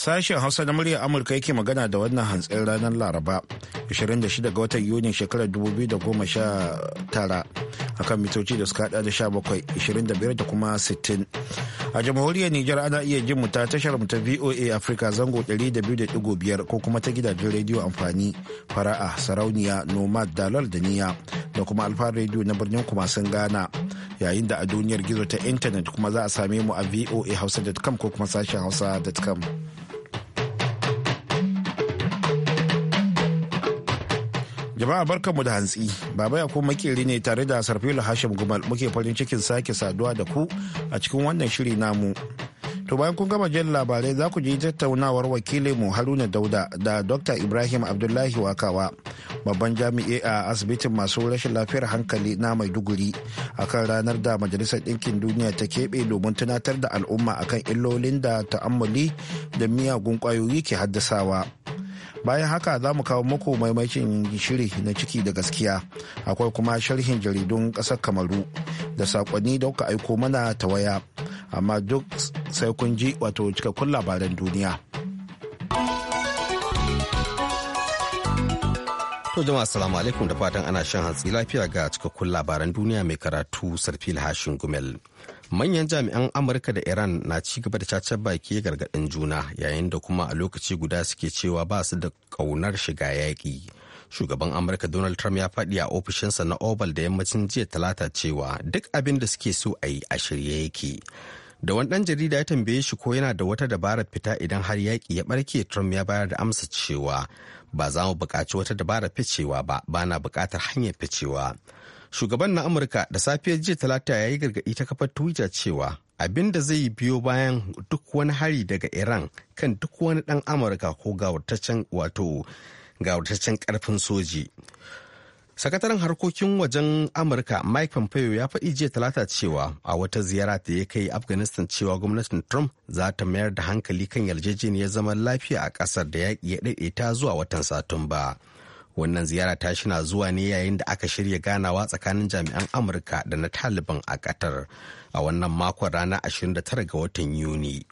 Sashen Hausa na muryar Amurka yake magana da wannan hantsin ranar Laraba 26 ga watan Yuni shekarar 2019 akan mitoci da suka hada da 17, 25 da kuma 60. A jamhuriyar Nijar ana iya jin mu ta tashar mu ta VOA Africa zango 200.5 ko kuma ta gidajen rediyo amfani fara'a sarauniya nomad dalar da niya da kuma alfa rediyo na birnin kumasin Ghana yayin da a duniyar gizo ta intanet kuma za a same mu a voa hausa.com ko kuma sashen hausa.com. Jama'a barka mu da hantsi, Baba ya kuma makeri ne tare da Sarfilu Hashim Gumal muke farin cikin sake saduwa da ku a cikin wannan shiri namu. To bayan kun gama jin labarai za ku ji tattaunawar wakilin mu Haruna Dauda da Dr. Ibrahim Abdullahi Wakawa, babban jami'i a asibitin masu rashin lafiyar hankali na Maiduguri kan ranar da Majalisar Ɗinkin Duniya ta keɓe domin tunatar da al'umma akan illolin da ta'ammali da miyagun ƙwayoyi ke haddasawa. bayan haka za mu kawo muku maimakin shiri na ciki da gaskiya akwai kuma sharhin jaridun ƙasar kamaru da sakonni da kuka aiko mana ta waya amma duk sai kun ji wato cikakkun labaran duniya To jama'a assalamu alaikum da fatan ana shan hantsi lafiya ga cikakkun labaran duniya mai karatu sarfil hashin gumel. manyan jami'an amurka da iran na ci gaba da cacen baki gargaɗin juna yayin da kuma a lokaci guda suke cewa ba su da ƙaunar shiga yaƙi shugaban amurka donald trump ya faɗi a ofishinsa na oval da yammacin jiya talata cewa duk abin da suke so a yi a shirye yake da wani ɗan jarida ya tambaye shi ko yana da wata dabarar fita idan har yaƙi ya ɓarke trump ya bayar da amsa cewa ba za mu buƙaci wata dabarar ficewa ba ba na buƙatar hanyar ficewa shugaban na amurka da safiyar jiya talata ya yi gargaɗi ta kafar twitter cewa abin da zai biyo bayan duk wani hari daga iran kan duk wani ɗan amurka ko gawurtaccen wato gawurtaccen karfin soji sakataren harkokin wajen amurka mike pompeo ya faɗi jiya talata cewa a wata ziyara da ya kai afghanistan cewa gwamnatin trump za ta mayar da hankali kan yarjejeniyar zaman lafiya a ƙasar da yaƙi ya ɗaiɗaita zuwa watan satumba wannan ziyara ta shina zuwa ne yayin da aka shirya ganawa tsakanin jami'an amurka da na taliban a qatar a wannan makon ranar 29 ga watan yuni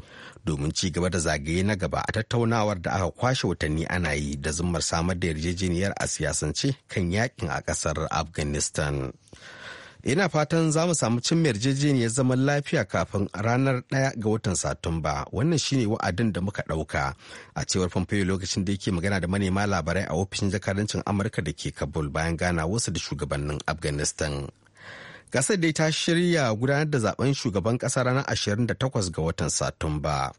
domin ci gaba da zagaye na gaba a tattaunawar da aka kwashe watanni ana yi da zummar samar da yarjejeniyar a siyasance kan yakin a kasar afghanistan ina fatan za mu samu cin yarjejeniyar zaman lafiya kafin ranar ɗaya ga watan satumba wannan shine wa'adin da muka ɗauka a cewar pompeo lokacin da yake magana da manema labarai a ofishin jakadancin amurka da ke kabul bayan gana wasu da shugabannin afghanistan gasar dai ta shirya gudanar da zaben shugaban ƙasa ranar 28 ga watan satumba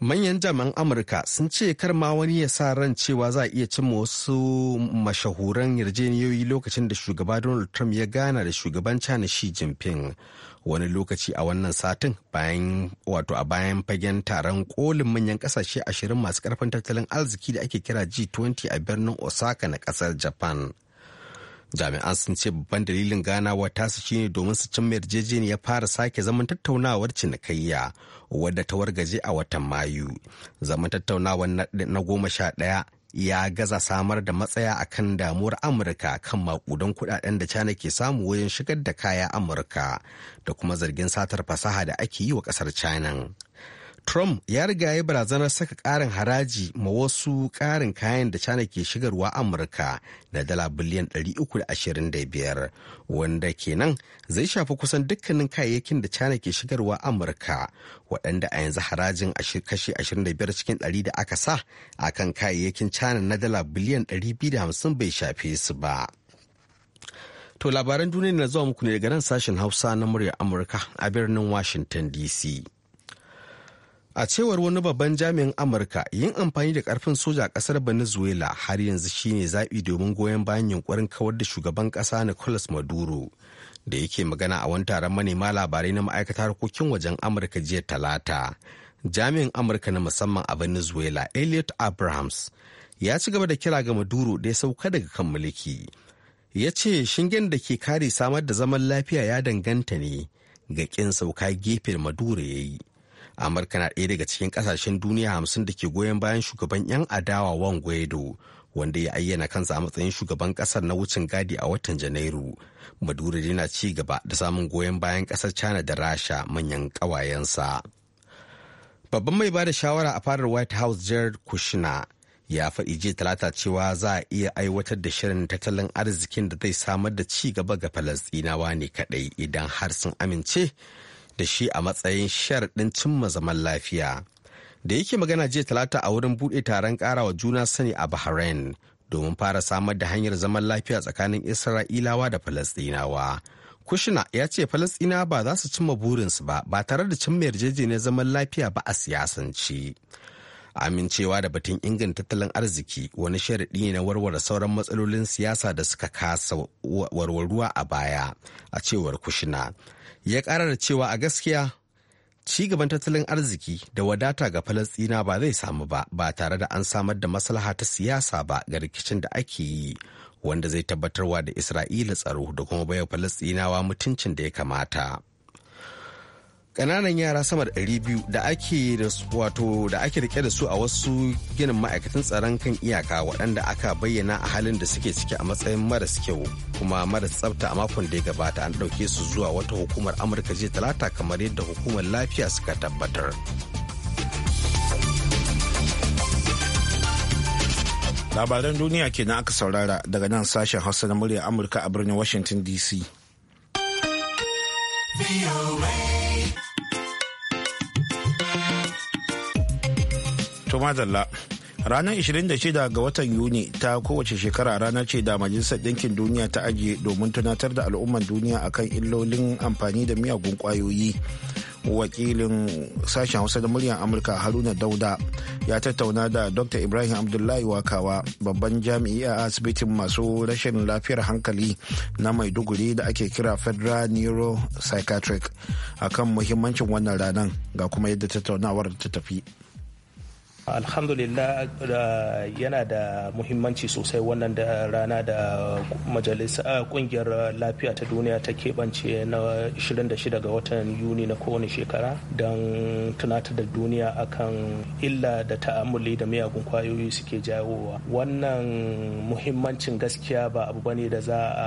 manyan jami'an amurka sun ce kar ma wani ya sa ran cewa za a iya cimma wasu mashahuran yarjejeniyoyi lokacin da shugaba donald trump ya gana da shugaban china xi jinping wani lokaci a wannan satin bayan wato a bayan fagen taron kolin manyan kasashe ashirin masu karfin tattalin arziki da ake kira g20 a birnin osaka na kasar japan jami'an sun ce babban dalilin ganawa su shine domin su cimma yarjejeniya fara sake zaman tattaunawar cinikayya wadda ta wargaje a watan mayu zaman tattaunawar na goma sha ɗaya ya gaza samar da matsaya a kan damuwar amurka kan makudan kudaden da china ke samu wajen shigar da kaya amurka da kuma zargin satar fasaha da ake yi wa kasar china Trump ya riga ya barazanar saka ƙarin haraji ma wasu ƙarin kayan da China ke shigarwa Amurka na dala biliyan 325 wanda kenan zai shafi kusan dukkanin kayayyakin da China ke shigarwa Amurka waɗanda a yanzu harajin kashi 25 cikin 100 da aka sa akan kayayyakin China na dala biliyan 250 bai shafe su ba. To labaran duniya na zuwa muku ne daga nan sashen Hausa na muryar Amurka a birnin Washington DC. A cewar wani babban jami'in Amurka yin amfani da karfin soja a kasar Venezuela har yanzu shine zaɓi domin goyon bayan yunkurin kawar da shugaban ƙasa Nicolas Maduro da yake magana a wani taron manema labarai na ma'aikatar harkokin wajen Amurka jiya Talata. Jami'in Amurka na musamman a Venezuela Elliot Abrahams ya ci gaba da kira ga Maduro da ya sauka daga kan mulki. Ya ce shingen da ke kare samar da zaman lafiya ya danganta ne ga ƙin sauka gefen Maduro ya yi. amurka na ɗaya daga cikin ƙasashen duniya hamsin da ke goyon bayan shugaban 'yan adawa wan guaido wanda ya ayyana kansa a matsayin shugaban ƙasar na wucin gadi a watan janairu maduro yana ci gaba da samun goyon bayan ƙasar china da rasha manyan ƙawayensa babban mai ba da shawara a fadar white house jared kushner ya faɗi jiya talata cewa za a iya aiwatar da shirin tattalin arzikin da zai samar da ci gaba ga falasɗinawa ne kaɗai idan har sun amince da shi a matsayin sharaɗin cimma zaman lafiya da yake magana jiya talata a wurin buɗe taron ƙarawa juna sani a bahrain domin fara samar da hanyar zaman lafiya tsakanin isra'ilawa da falasɗinawa kushina ya ce falasɗina ba za su cimma burinsu ba ba tare da cimma yarjejeniyar zaman lafiya ba a siyasance amincewa da batun inganta tattalin arziki wani sharaɗi ne na warware sauran matsalolin siyasa da suka kasa warwaruwa a baya a cewar kushina ya ƙara da cewa a gaskiya ci gaban tattalin arziki da wadata ga falastina ba zai samu ba ba tare da an samar da maslaha ta siyasa ba ga rikicin da ake yi wanda zai tabbatarwa da isra'ila tsaro da kuma baiwa falastinawa mutuncin da ya kamata kananan yara sama da 200 da ake wato da ake rike da su a wasu ginin ma'aikatan tsaron kan iyaka waɗanda aka bayyana a halin da suke ciki a matsayin maras kyau kuma maras tsafta a makon da ya gabata an ɗauke su zuwa wata hukumar amurka jiya talata kamar yadda hukumar lafiya suka tabbatar labaran duniya ke kenan aka saurara daga nan sashen hausa na murya amurka a birnin washington dc To madalla. Ranar 26 ga watan Yuni ta kowace shekara rana ce da Majalisar Ɗinkin Duniya ta ajiye domin tunatar da al'ummar duniya a kan illolin amfani da miyagun ƙwayoyi. Wakilin sashen Hausa da muryar Amurka Haruna Dauda ya tattauna da Dr. Ibrahim Abdullahi Wakawa babban jami'i a asibitin masu rashin lafiyar hankali na Maiduguri da ake kira Federal Neuropsychiatric akan muhimmancin wannan ranar ga kuma yadda tattaunawar ta tafi. alhamdulillah yana da muhimmanci sosai wannan da rana da majalisa kungiyar lafiya ta duniya ta keɓance na 26 ga watan yuni na kowane shekara don tunatar da duniya akan illa da ta'amuli da miyagun kwayoyi suke jawowa wannan muhimmancin gaskiya ba abu bane da za a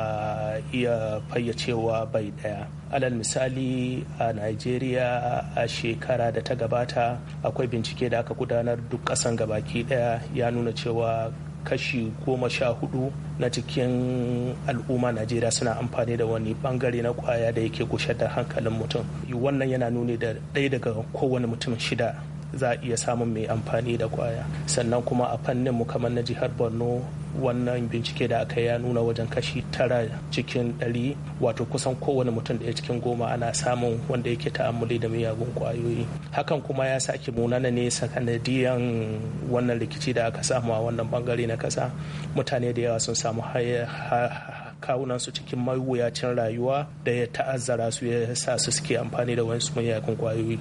iya fayyacewa bai daya alal misali a nigeria a shekara da ta gabata akwai bincike da aka gudanar duk ƙasan gabaki daya ya nuna cewa kashi goma sha hudu na cikin al'umma najeriya suna amfani da wani bangare na kwaya da yake gushe da hankalin mutum wannan yana nuni da ɗaya daga kowane mutum shida za a iya samun mai amfani da kwaya sannan kuma a fannin mu kamar na jihar borno wannan bincike da aka ya nuna wajen kashi tara cikin ɗari wato kusan kowane mutum da ya cikin goma ana samun wanda yake ta'ammali da miyagun kwayoyi hakan kuma ya sake munana ne sakanadiyan wannan rikici da aka samu a wannan bangare na kasa mutane da yawa sun samu kawunan su cikin mawuyacin rayuwa da ya ta'azzara su ya sa su suke amfani da wasu mayakan kwayoyi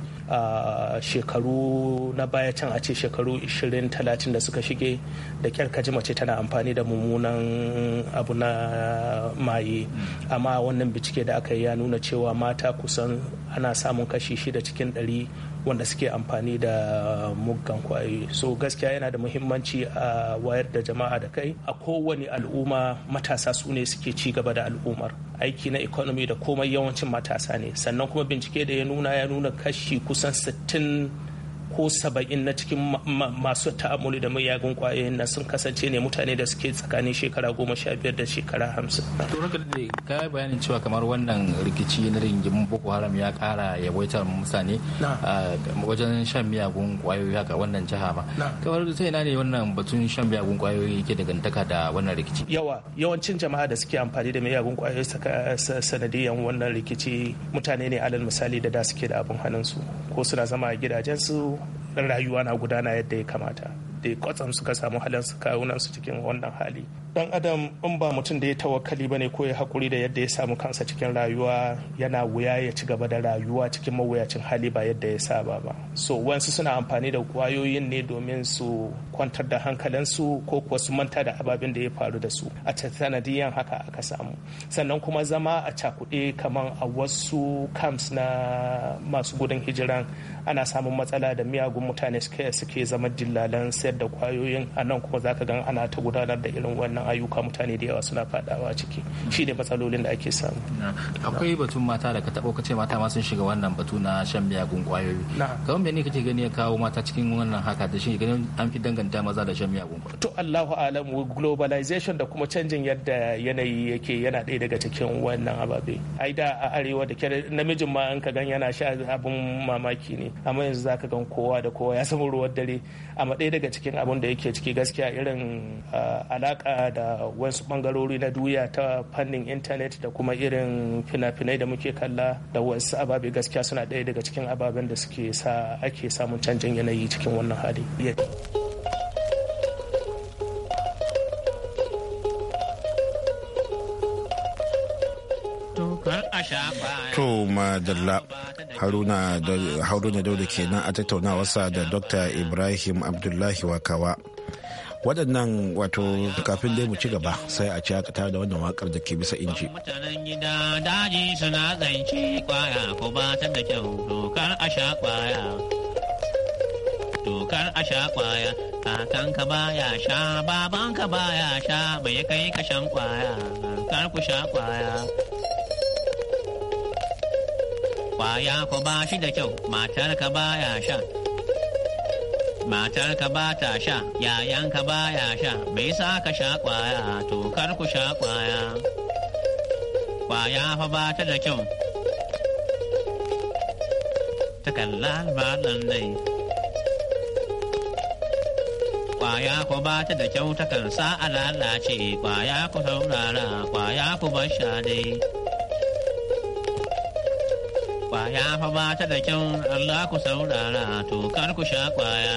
shekaru na baya can a ce shekaru 20-30 da suka shige da kyar kaji mace tana amfani da mummunan abu na maye amma wannan bincike da aka yi ya nuna cewa mata kusan ana samun kashi shida cikin ɗari wanda suke amfani da muggan kwaye so gaskiya yana da muhimmanci a wayar da jama'a da kai a kowane al'umma matasa su ne suke ci gaba da al'ummar aiki na economy da komai yawancin matasa ne sannan kuma bincike da ya nuna ya nuna kashi kusan sittin. ko saba'in na cikin masu ta'amuli da mayagun kwayoyin na sun kasance ne mutane da suke tsakanin shekara goma sha biyar da shekara hamsin. to raka da ka bayanin cewa kamar wannan rikici na ringimin boko haram ya kara waita mutane wajen shan miyagun kwayoyi haka wannan jiha ma kamar ta na ne wannan batun shan miyagun kwayoyi ke dangantaka da wannan rikici. yawa yawancin jama'a da suke amfani da miyagun kwayoyi sanadiyan wannan rikici mutane ne alal misali da da suke da abin hannun su ko suna zama a gidajensu rayuwa na gudana yadda ya kamata da kwatsam suka samu halin su kawunan su cikin wannan hali dan adam in ba mutum da ya tawakkali bane ko ya hakuri da yadda ya samu kansa cikin rayuwa yana wuya ya ci gaba da rayuwa cikin mawuyacin hali ba yadda ya saba ba so wansu suna amfani da kwayoyin ne domin su kwantar da hankalinsu ko kuwa su manta da ababen da ya faru da su a sanadiyan haka aka samu sannan kuma zama a cakuɗe kamar a wasu camps na masu gudun hijiran ana samun matsala da miyagun mutane suke zama dillalan sayar da kwayoyin a nan kuma zaka gan ana ta gudanar da irin wannan ayyuka mutane da yawa suna fadawa ciki shi ne matsalolin da ake samu akwai batun mata da ka taɓo ka ce mata ma sun shiga wannan batu na shan miyagun kwayoyi wanda ne kake gani ya kawo mata cikin wannan haka da shi ganin an fi danganta maza da shan miyagun kwayoyi to Allahu alam globalization da kuma canjin yadda yanayi yake yana ɗaya daga cikin wannan ababe ai da a arewa da namijin ma an ka gan yana sha abun mamaki ne ama amma yanzu zaka gan kowa da kowa ya samu ruwan dare amma ɗaya daga cikin abun da yake ciki gaskiya irin ah, alaka da wasu bangarori na duniya ta fannin intanet da kuma irin fina-finai da muke kalla da wasu ababe gaskiya suna ɗaya daga cikin ababen da suke sa ake samun canjin yanayi cikin wannan hali. To madalla haruna dauda kenan a tattaunawarsa da dr ibrahim abdullahi wakawa waɗannan wato kafin dai mu ci gaba sai a ci akata da wannan wakar da ke bisa inji. Mutanen gida daji suna zance kwaya ba ta da kyau dokar a sha kwaya. Dokar a sha kwaya kakanka baya sha babanka baya sha bai kai kashan kwaya kar ku sha kwaya. kwaya ku ba shi da kyau matar ka baya sha matar ka ba ta sha yayan ka baya sha bai sa ka sha kwaya to kar ku sha kwaya kwaya fa ba ta da kyau takalla ba nan dai kwaya ku ba ta da kyau takan sa a lalace kwaya ku saurara kwaya ku bar sha dai sha fa ba ta da kyau Allah ku saurara to kar ku sha kwaya.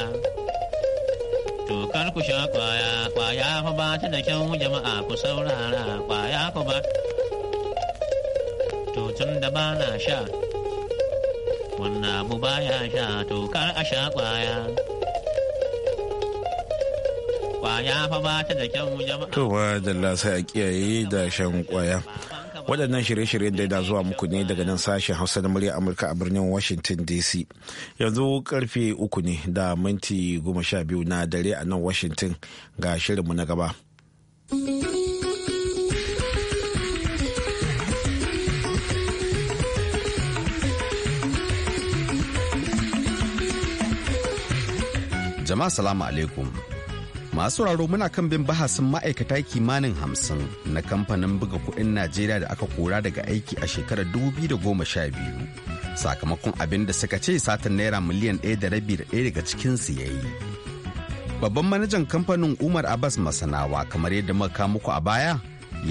To kar ku sha kwaya kwaya fa ba ta da kyau jama'a ku saurara kwaya ku ba. To tun da ba na sha wannan abu ya sha to kar a sha kwaya. kwaya fa ba ta da kyan jama'a. To ma sai a kiyaye da shan kwaya. waɗannan shirye-shiryen da da zuwa muku ne daga nan sashen hausa na murya amurka a birnin washington dc yanzu karfe uku ne da minti goma sha biyu na dare a nan washington ga shirinmu na gaba jama'a salamu alaikum masu sauraro muna kan bin bahasin ma'aikata kimanin hamsin na kamfanin buga kuɗin najeriya da aka kora daga aiki a shekarar goma sha biyu. sakamakon abin da suka ce satin naira miliyan ɗaya da rabi da ɗaya daga cikinsu ya yi babban manajan kamfanin umar abbas masanawa kamar yadda muka muku a baya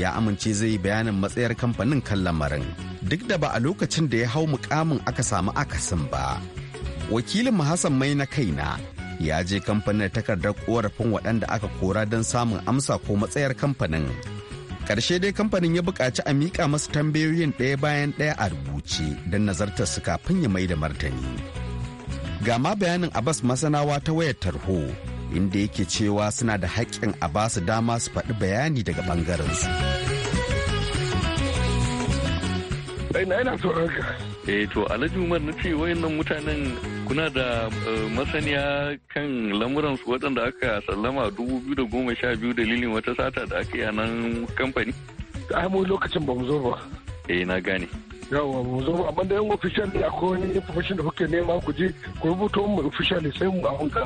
ya amince zai yi bayanin matsayar kamfanin kan lamarin duk da ba a lokacin da ya hau mukamin aka samu akasin ba wakilin Hassan mai na kaina ya je kamfanin takardar korafin waɗanda aka kora don samun amsa ko matsayar kamfanin ƙarshe dai kamfanin ya buƙaci a miƙa masu tambayoyin ɗaya bayan ɗaya a rubuce don nazartar su kafin ya mai da martani ga ma bayanin abbas masanawa ta wayar tarho inda yake cewa suna da haƙƙin a ba su dama su faɗi bayani daga ɓangarensu. su. eh to alhaji umar na ce wayannan mutanen kuna da eh, masaniya kan lamuran su waɗanda aka sallama dubu biyu da goma sha biyu dalilin wata sata da aka yi a nan kamfani ai mu lokacin ba mu zo ba eh na gane yawa mu zo ba amma da yan official ne akwai wani information da kuke nema ku je ku rubuta mu official sai mu abunka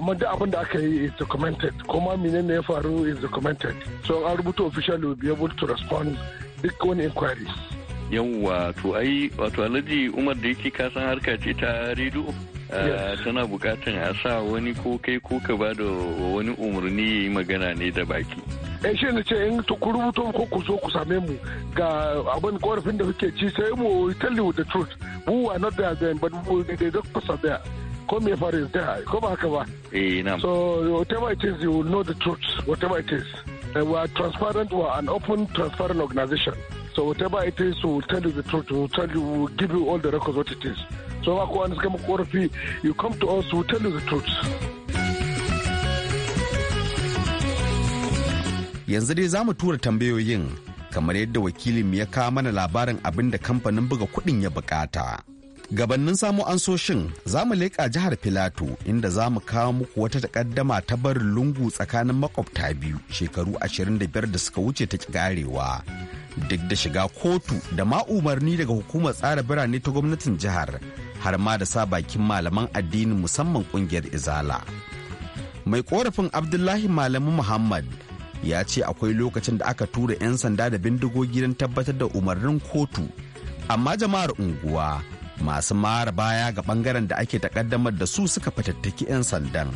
amma duk abin da aka yi is documented kuma menene ya faru is documented so an rubuta official will be able to respond duk wani inquiry yawwa to ai wato alhaji umar da yake kasan harka ce ta rediyo eh, tana bukatan a sa wani ko kai ko ka ba da wani umarni yayi magana ne da baki eh shi ne ce in ku rubuto ko ku zo ku same mu ga abin korafin da kuke ci sai mu tell you the truth who are not there then but they don't there ko me fare da ko ba ka ba eh na so whatever it is you will know the truth whatever it is eh, we are transparent we are an open transparent organization So whatever it is, we'll tell you the truth. We'll tell you, we'll give you all the records what it is. So Mako and Skama Korafi, you come to us, we'll tell you the truth. Yanzu dai za mu tura tambayoyin kamar yadda wakilin ya kawo mana labarin abin da kamfanin buga kuɗin ya bukata. gabannin samu ansoshin za mu leƙa jihar filato inda za mu kawo muku wata takaddama ta barin lungu tsakanin makwabta biyu shekaru 25 da suka wuce ta ƙarewa duk da shiga kotu da ma umarni daga hukumar tsara birane ta gwamnatin jihar har ma da sa bakin malaman addinin musamman kungiyar izala mai korafin abdullahi malamu muhammad ya ce akwai lokacin da aka tura 'yan sanda da bindigogi don tabbatar da umarnin kotu amma jama'ar unguwa masu mara baya ga bangaren da ake takaddamar da su suka fatattaki 'yan sandan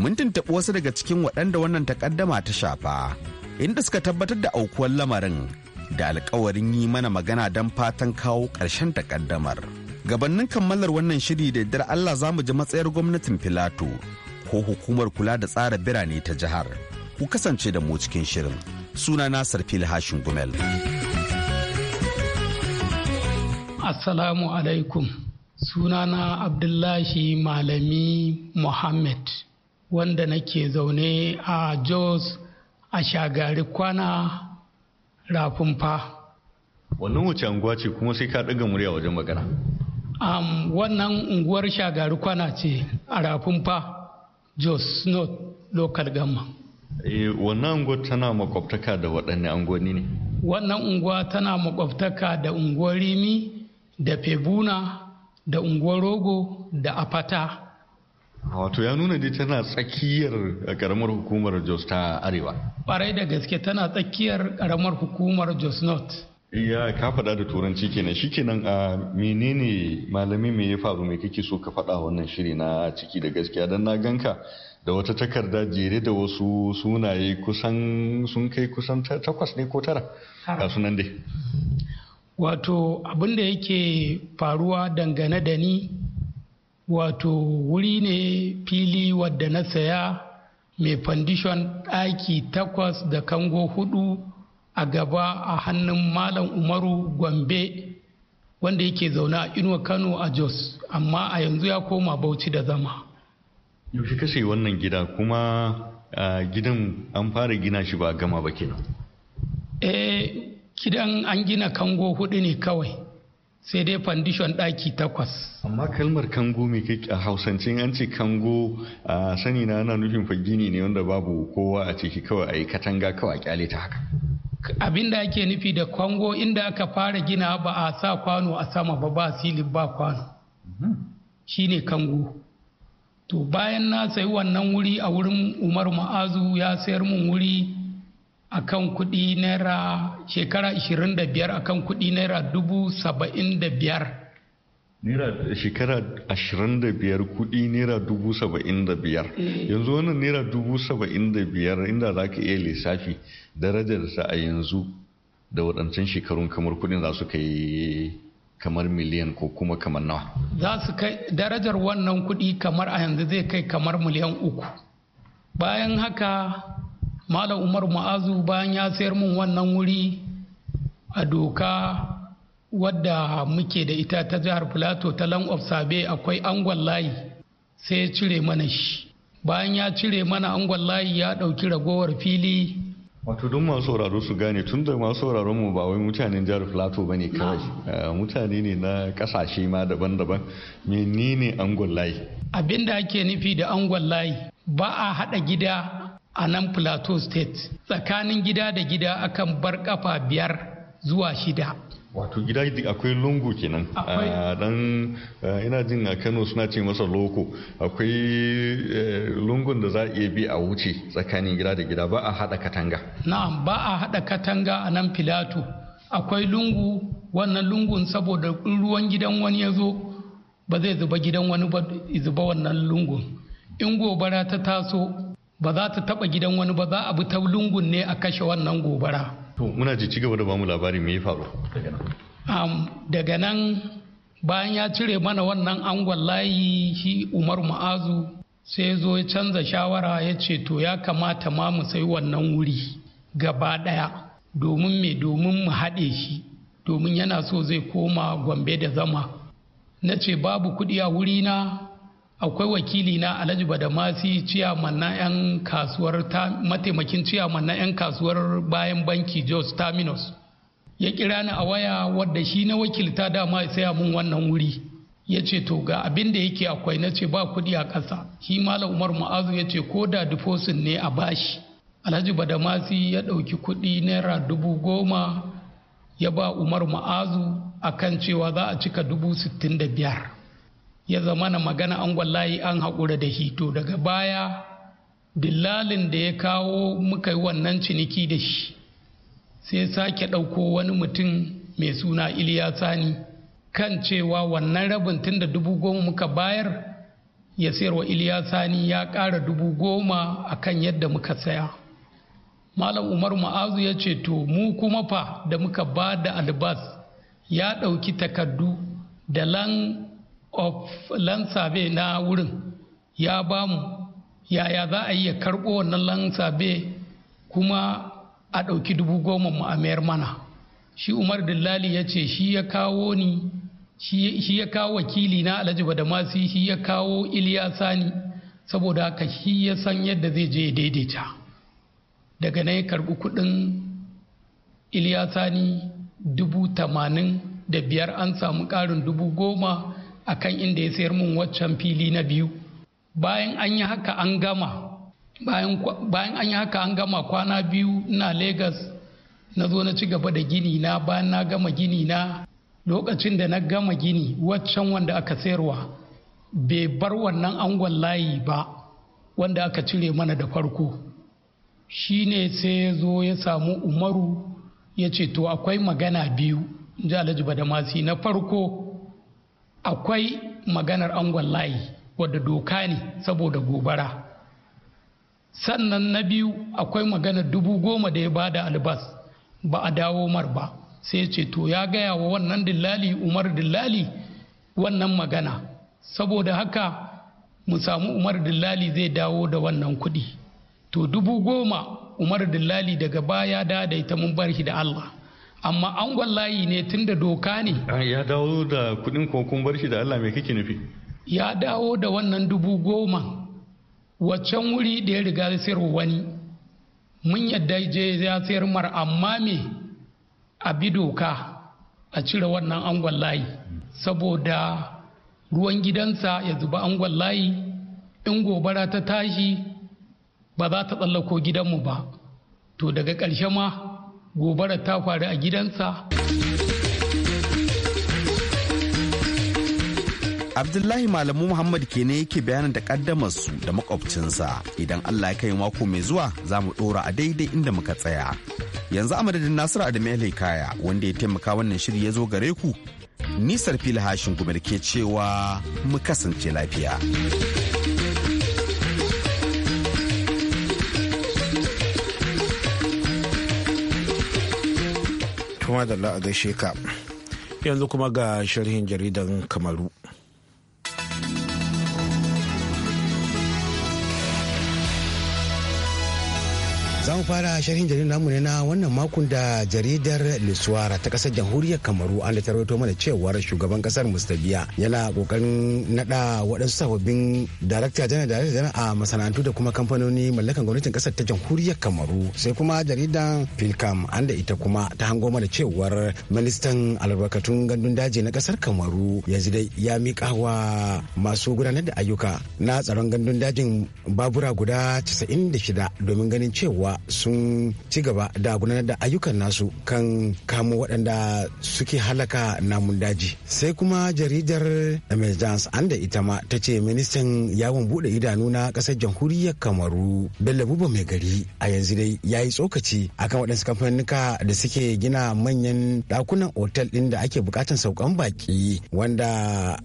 mun tuntaɓi wasu daga cikin waɗanda wannan takaddama ta shafa inda suka tabbatar da aukuwar lamarin da alkawarin yi mana magana don fatan kawo ƙarshen takaddamar. Gabannin kammalar wannan shiri da yadda Allah za mu ji matsayar gwamnatin Filato ko hukumar kula da tsara birane ta jihar. Ku kasance da mu cikin shirin. Suna Nasar Fil Hashin Gumel. Assalamu alaikum. Sunana Abdullahi Malami Mohammed wanda nake zaune a Jos a shagari kwana fa. wannan wace unguwa ce kuma sai ka ɗaga murya wajen magana um, wannan unguwar shagari kwana ce a Fa, jos north local gamma e, eh, wannan unguwar tana makwabtaka da waɗanne unguwanni ne wannan unguwa tana makwabtaka da unguwar rimi da febuna da unguwar rogo da afata wato ya nuna dai tana tsakiyar karamar hukumar jos ta arewa Barai da gaske tana tsakiyar karamar hukumar jos north ya ka faɗa da turanci kenan shikenan a menene malami me ya faru mai kake so ka faɗa wannan shiri na ciki da gaskiya dan na ganka da wata takarda jere da wasu sunaye kusan sun kai kusan takwas ne ko tara ga sunan dai wato abin da yake faruwa dangane da ni wato wuri ne fili wadda na saya mai fandishon ɗaki takwas da kango hudu a gaba a hannun malam umaru gombe wanda yake zaune a inuwa kano a jos amma a yanzu ya koma bauchi da zama yaushe kashe wannan gida kuma gidan an fara gina shi ba gama ba kenan eh gidan an gina kango hudu ne kawai sai dai fandishon ɗaki takwas. amma kalmar kango mai kai a hausance an ce kango a sani na ana nufin fagini ne wanda babu kowa a ciki kawai a yi katanga kawai a kyale ta haka abin da ake nufi da kwango inda aka fara gina ba a sa kwano a sama ba ba silin ba kwano mhm. shine kango to bayan na sayi wannan wuri a wurin umar ma'azu ya sayar mun wuri akan kuɗi naira shekara 25 akan kuɗi naira dubu saba'in da biyar. Naira shekara 25 kuɗi naira dubu saba'in da biyar. Eh. Yanzu wannan naira dubu saba'in da biyar inda za ka iya lissafi darajarsa a yanzu da waɗancan shekarun kamar kuɗin za su kai kamar miliyan ko kuma kamar nawa. Za su kai darajar wannan kuɗi kamar a yanzu zai kai kamar miliyan uku. Bayan haka malam umar ma'azu bayan ya sayar mun wannan wuri a doka wadda muke da ita ta jihar filato ta lan of sabe akwai angon layi sai ya cire mana shi bayan ya cire mana angon layi ya ɗauki ragowar fili wato don masu sauraro su gane tun da masu sauraron mu ba wai mutanen jihar ba ne kawai eh, mutane ne na kasashe ma daban-daban menene angon layi Abin da ake nufi da angon layi ba a hada gida a nan plateau state tsakanin gida da gida akan bar kafa biyar zuwa shida wato gida akwai lungu kenan ah, dan ah, ina jin a kano suna ce masa loko akwai eh, lungun da za a iya bi a wuce tsakanin gida da gida ba a hada katanga na'am ba a hada katanga a nan filato akwai lungu wannan lungun saboda ruwan gidan wani ya zo ba zai zuba gidan wani ba zuba wannan lungun in gobara ta taso ba za ta taba gidan wani ba za a bi ta lungun ne a kashe wannan gobara to muna ji cigaba da bamu labari me ya faru daga nan bayan ya cire mana wannan angon layi shi umar ma'azu sai zo ya canza shawara ya ce to ya kamata ma mu sai wannan wuri gaba daya domin me domin mu haɗe shi domin yana so zai koma gombe da zama na ce babu kuɗi a wuri na akwai wakili na alhaji badamasi ciyaman na yan kasuwar mataimakin ciyaman na yan kasuwar bayan banki jos terminus ya kira ni a waya wadda shi na wakilta dama ya saya mun wannan wuri ya ce to ga abin da yake akwai na ce ba kuɗi a ƙasa shi malam umar mu'azu ya ce ko da difosin ne a bashi alhaji badamasi ya ɗauki kuɗi naira dubu goma ya ba umar mu'azu akan cewa za a cika dubu sittin da biyar ya zama na magana an layi an haƙura da shi to daga baya dillalin da ya kawo muka yi wannan ciniki da shi sai sake ɗauko wani mutum mai suna iliya sani kan cewa wannan rabin tun da dubu goma muka bayar ya sayarwa iliya sani ya ƙara dubu goma a kan yadda muka saya malam umar ma'azu ya ce to mu kuma fa da muka ba da albas ya ɗauki takardu da lan of land survey na wurin ya bamu yaya za a yi ya karɓo wannan land survey kuma a ɗauki dubu goma mu a mayar mana shi umar dillali ya ce shi ya kawo ni shi ya kawo wakili na alhaji badamasi shi ya kawo iliya sani saboda haka shi ya san yadda zai je daidaita daga nan ya karɓi kuɗin iliya sani dubu tamanin da biyar an samu ƙarin dubu goma akan inda ya sayar min waccan fili na biyu bayan an yi haka an gama bayan an yi haka an gama kwana biyu na Legas na zo na ci gaba da gini na bayan na gama gini na lokacin da na gama gini waccan wanda aka sayarwa bai bar wannan angon layi ba wanda aka cire mana da farko shi ne sai ya zo ya samu umaru ya ce to akwai magana biyu ji alhaji badamasi na farko akwai maganar angon layi wadda doka ne saboda gobara sannan na biyu akwai maganar dubu goma da ya ba da albas ba a dawo mar ba sai ce to ya gaya wa wannan dillali umar dillali wannan magana saboda haka mu samu umar dillali zai dawo da wannan kuɗi to dubu goma umar dillali daga baya da ita mun bar da allah amma angon layi ne tun da doka ne ah, ya dawo da kudin kokon bar shi da allah mai kake nufi ya dawo da wannan dubu goma waccan wuri da ya riga da sayar wani mun yadda je ya sayar mar amma me a bi doka a cire wannan angon layi saboda ruwan gidansa ya zuba angon layi in gobara ta tashi ba za ta tsallako gidanmu ba to daga ƙarshe ma gobara ta faru a gidansa abdullahi malamu muhammad kenan yake bayanin da su da makwabcinsa idan allah ya kai mako mai zuwa za mu dora a daidai inda muka tsaya yanzu a madadin nasiru adamu kaya wanda ya taimaka wannan shiri ya zo gare ku nisar fili hashin gumar ke cewa mu kasance lafiya. kuma da la'adar sheka yanzu kuma ga sharhin jaridan kamaru za mu fara shirin jaridar namu ne na wannan makon da jaridar liswara ta kasar jamhuriyar Kamaru an da tarwato mana cewar shugaban kasar Mustabiya yana kokarin nada waɗansu sababbin darakta janar da janar a masana'antu da kuma kamfanoni mallakan gwamnatin kasar ta jamhuriyar Kamaru sai kuma jaridan filkam an da ita kuma ta hango mana cewar ministan albarkatun gandun daji na kasar Kamaru yanzu dai ya miƙa wa masu gudanar da ayyuka na tsaron gandun dajin babura guda 96 domin ganin cewa sun ci gaba da gudanar da ayyukan nasu kan kamo waɗanda suke halaka namun daji sai kuma jaridar emergence an da ita ma ta ce ministan yawon bude idanu na ƙasar jamhuriyar kamaru bello buba mai gari a yanzu dai ya yi tsokaci akan waɗansu kamfaninka da suke gina manyan ɗakunan otal ɗin da ake buƙatar saukan baƙi wanda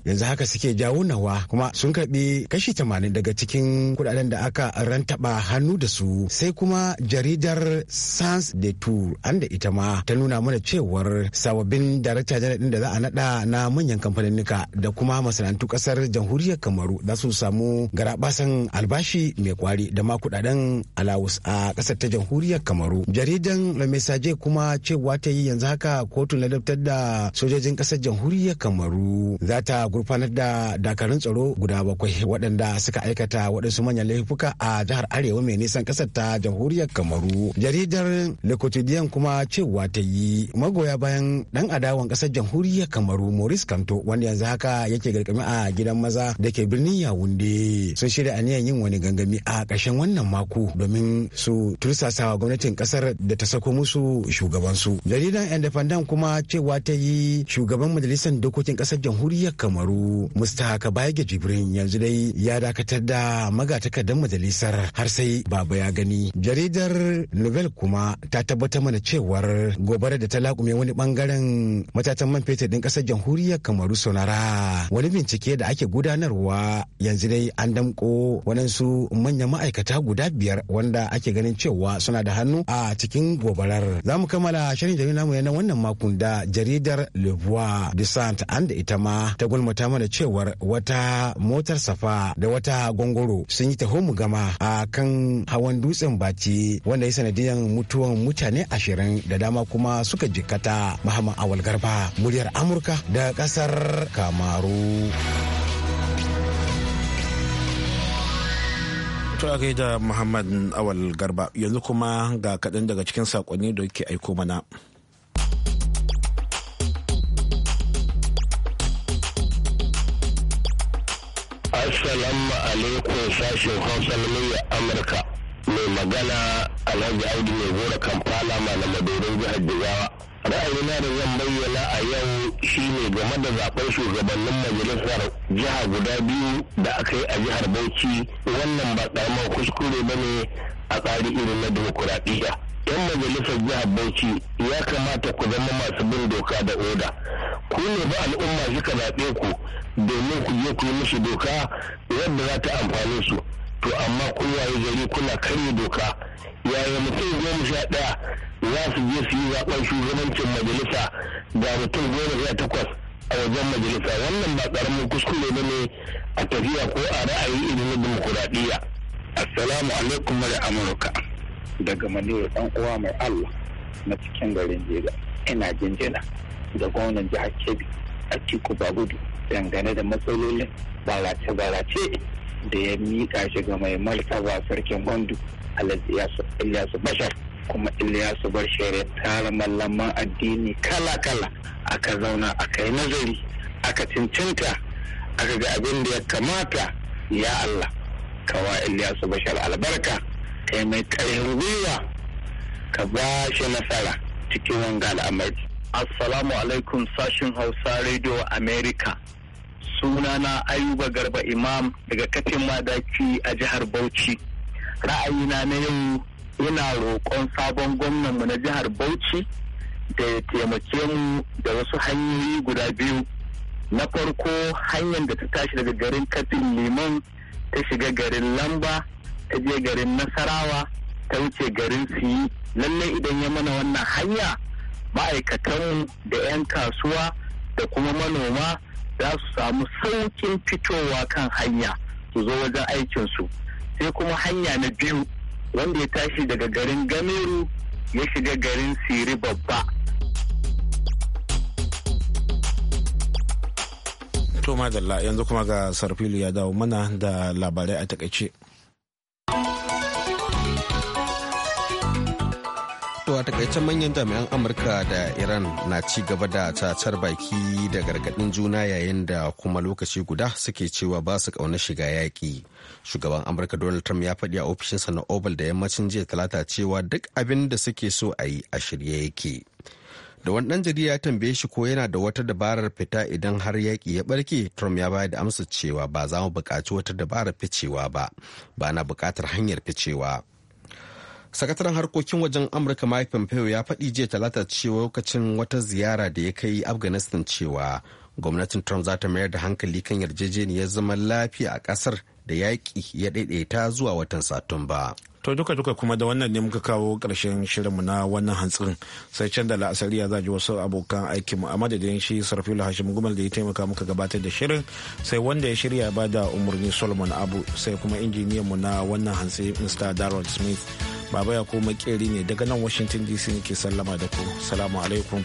yanzu haka suke jawo nawa kuma sun karɓi kashi tamanin daga cikin kuɗaɗen da aka rantaba hannu da su sai kuma jaridar sans de tour an da ita ma ta nuna mana cewar sababbin darakta janar da za a nada na manyan kamfaninnika da kuma masana'antu kasar jamhuriyar kamaru za su samu garabasan albashi mai kwari da ma kudaden alawus a kasar ta jamhuriyar kamaru jaridan la message kuma cewa ta yi yanzu haka kotu kotun ladabtar da sojojin kasar jamhuriyar kamaru za ta gurfanar da dakarun tsaro guda bakwai waɗanda suka aikata waɗansu manyan laifuka a jihar arewa mai nisan kasar ta jamhuriyar kamaru jaridar le quotidien kuma cewa ta yi magoya bayan dan adawan kasar jamhuriyar kamaru maurice kanto wanda yanzu haka yake garkami a gidan maza da ke birnin yawunde sun shirya aniyan yin wani gangami a ƙarshen wannan mako domin su tursasawa gwamnatin kasar da ta sako musu shugabansu jaridar independent kuma cewa ta yi shugaban majalisar dokokin kasar jamhuriyar kamaru mustaka kabayage jibrin yanzu dai ya dakatar da magatakardar majalisar har sai baba ya gani jaridar jaridar novel kuma ta tabbatar mana cewar gobarar da ta lakume wani bangaren matatan man fetur din kasar jamhuriyar kamaru sonara wani bincike da ake gudanarwa yanzu dai an damko wadansu manyan ma'aikata guda biyar wanda ake ganin cewa suna da hannu a cikin gobarar za mu kammala shirin jaridar namu na wannan makon da jaridar levoa desant an da ita ma ta gulmata mana cewar wata motar safa da wata gongoro sun yi taho mu gama a kan hawan dutsen baci wanda ya sanadiyan mutuwan mutane ashirin da dama kuma suka jikata mahama Awal Garba muryar Amurka da kasar Kamaru. To a da Muhammad Awal Garba yanzu kuma ga kaɗan daga cikin saƙonni da ke aiko mana. Assalamu alaikum sashen Hausa na Amurka. mai magana alhaji audu mai gora kampala malamadorin jihar jigawa ra'ayina da zan bayyana a yau shine game da zaben shugabannin majalisar jiha guda biyu da aka yi a jihar bauchi wannan ba karamar kuskure ba ne a tsari irin na demokuraɗiyya yan majalisar jihar bauchi ya kamata ku zama masu bin doka da oda ku ne ba al'umma suka zaɓe ku domin ku je ku yi musu doka yadda za ta amfane su to amma kun waye gari kuna karya doka yaya mutum goma sha ɗaya za su je su yi zaɓen shugabancin majalisa da mutum goma sha takwas a wajen majalisa wannan ba ƙaramin kuskure ba ne a tafiya ko a ra'ayi irin na dimokuraɗiyya. assalamu alaikum da amurka daga maniyar ɗan uwa mai allah na cikin garin jega ina jinjina da gwamnan jihar kebbi a tiku gudu dangane da matsalolin barace-barace da ya miƙa shi ga mai martaba sarkin bandu alhaji ilyasu bashar kuma ilyasu bashar ya tara mallaman addini kala-kala aka zauna aka yi nazari aka cincinta aka ga abin da ya kamata ya allah kawa ilyasu bashar albarka kai mai ƙarfin gwiwa ka ba shi nasara cikin wanga al'amari assalamu alaikum sashin hausa radio america sunana ayuba garba imam daga katin madaki a jihar bauchi ra'ayina na yau yana roƙon sabon gwamnanmu na jihar bauchi da ya taimake mu da wasu hanyoyi guda biyu na farko hanyar da ta tashi daga garin katin liman ta shiga garin lamba ta je garin nasarawa ta wuce garin siyi lallai idan ya mana wannan hanya ma'aikatanmu da 'yan kasuwa da kuma manoma za su samu sauƙin fitowa kan hanya su zo wajen aikinsu sai kuma hanya na biyu wanda ya tashi daga garin gameru ya shiga garin siri babba to madalla yanzu kuma ga sarfilu ya dawo mana da labarai a takaice. takaicen manyan jami'an amurka da iran na ci gaba da cacar baki da gargadin juna yayin da kuma lokaci guda suke cewa ba su kauna shiga yaƙi shugaban amurka donald trump ya faɗi a ofishinsa na oval da yammacin jiya talata cewa duk abin da suke so a yi a shirye yake da wani ɗan jarida ya tambaye shi ko yana da wata dabarar fita idan har yaƙi ya ɓarke trump ya bayar da amsa cewa ba za mu buƙaci wata dabarar ficewa ba ba na buƙatar hanyar ficewa sakataren harkokin wajen amurka mike pompeo ya faɗi jiya talata cewa lokacin wata ziyara da ya kai afghanistan cewa gwamnatin trump za ta mayar da hankali kan yarjejeniyar zaman lafiya a kasar da yaƙi ya ɗaiɗaita zuwa watan satumba to duka duka kuma da wannan ne muka kawo ƙarshen shirinmu na wannan hantsin sai can da la'asari ya ji wasu abokan aikinmu a madadin shi sarfilu hashim gumal da ya taimaka muka gabatar da shirin sai wanda ya shirya ba da umarni solomon abu sai kuma injiniyanmu na wannan hantsi mr darren smith baba ya ko makeri ne daga nan washington dc ne ke sallama da ku salamu alaikum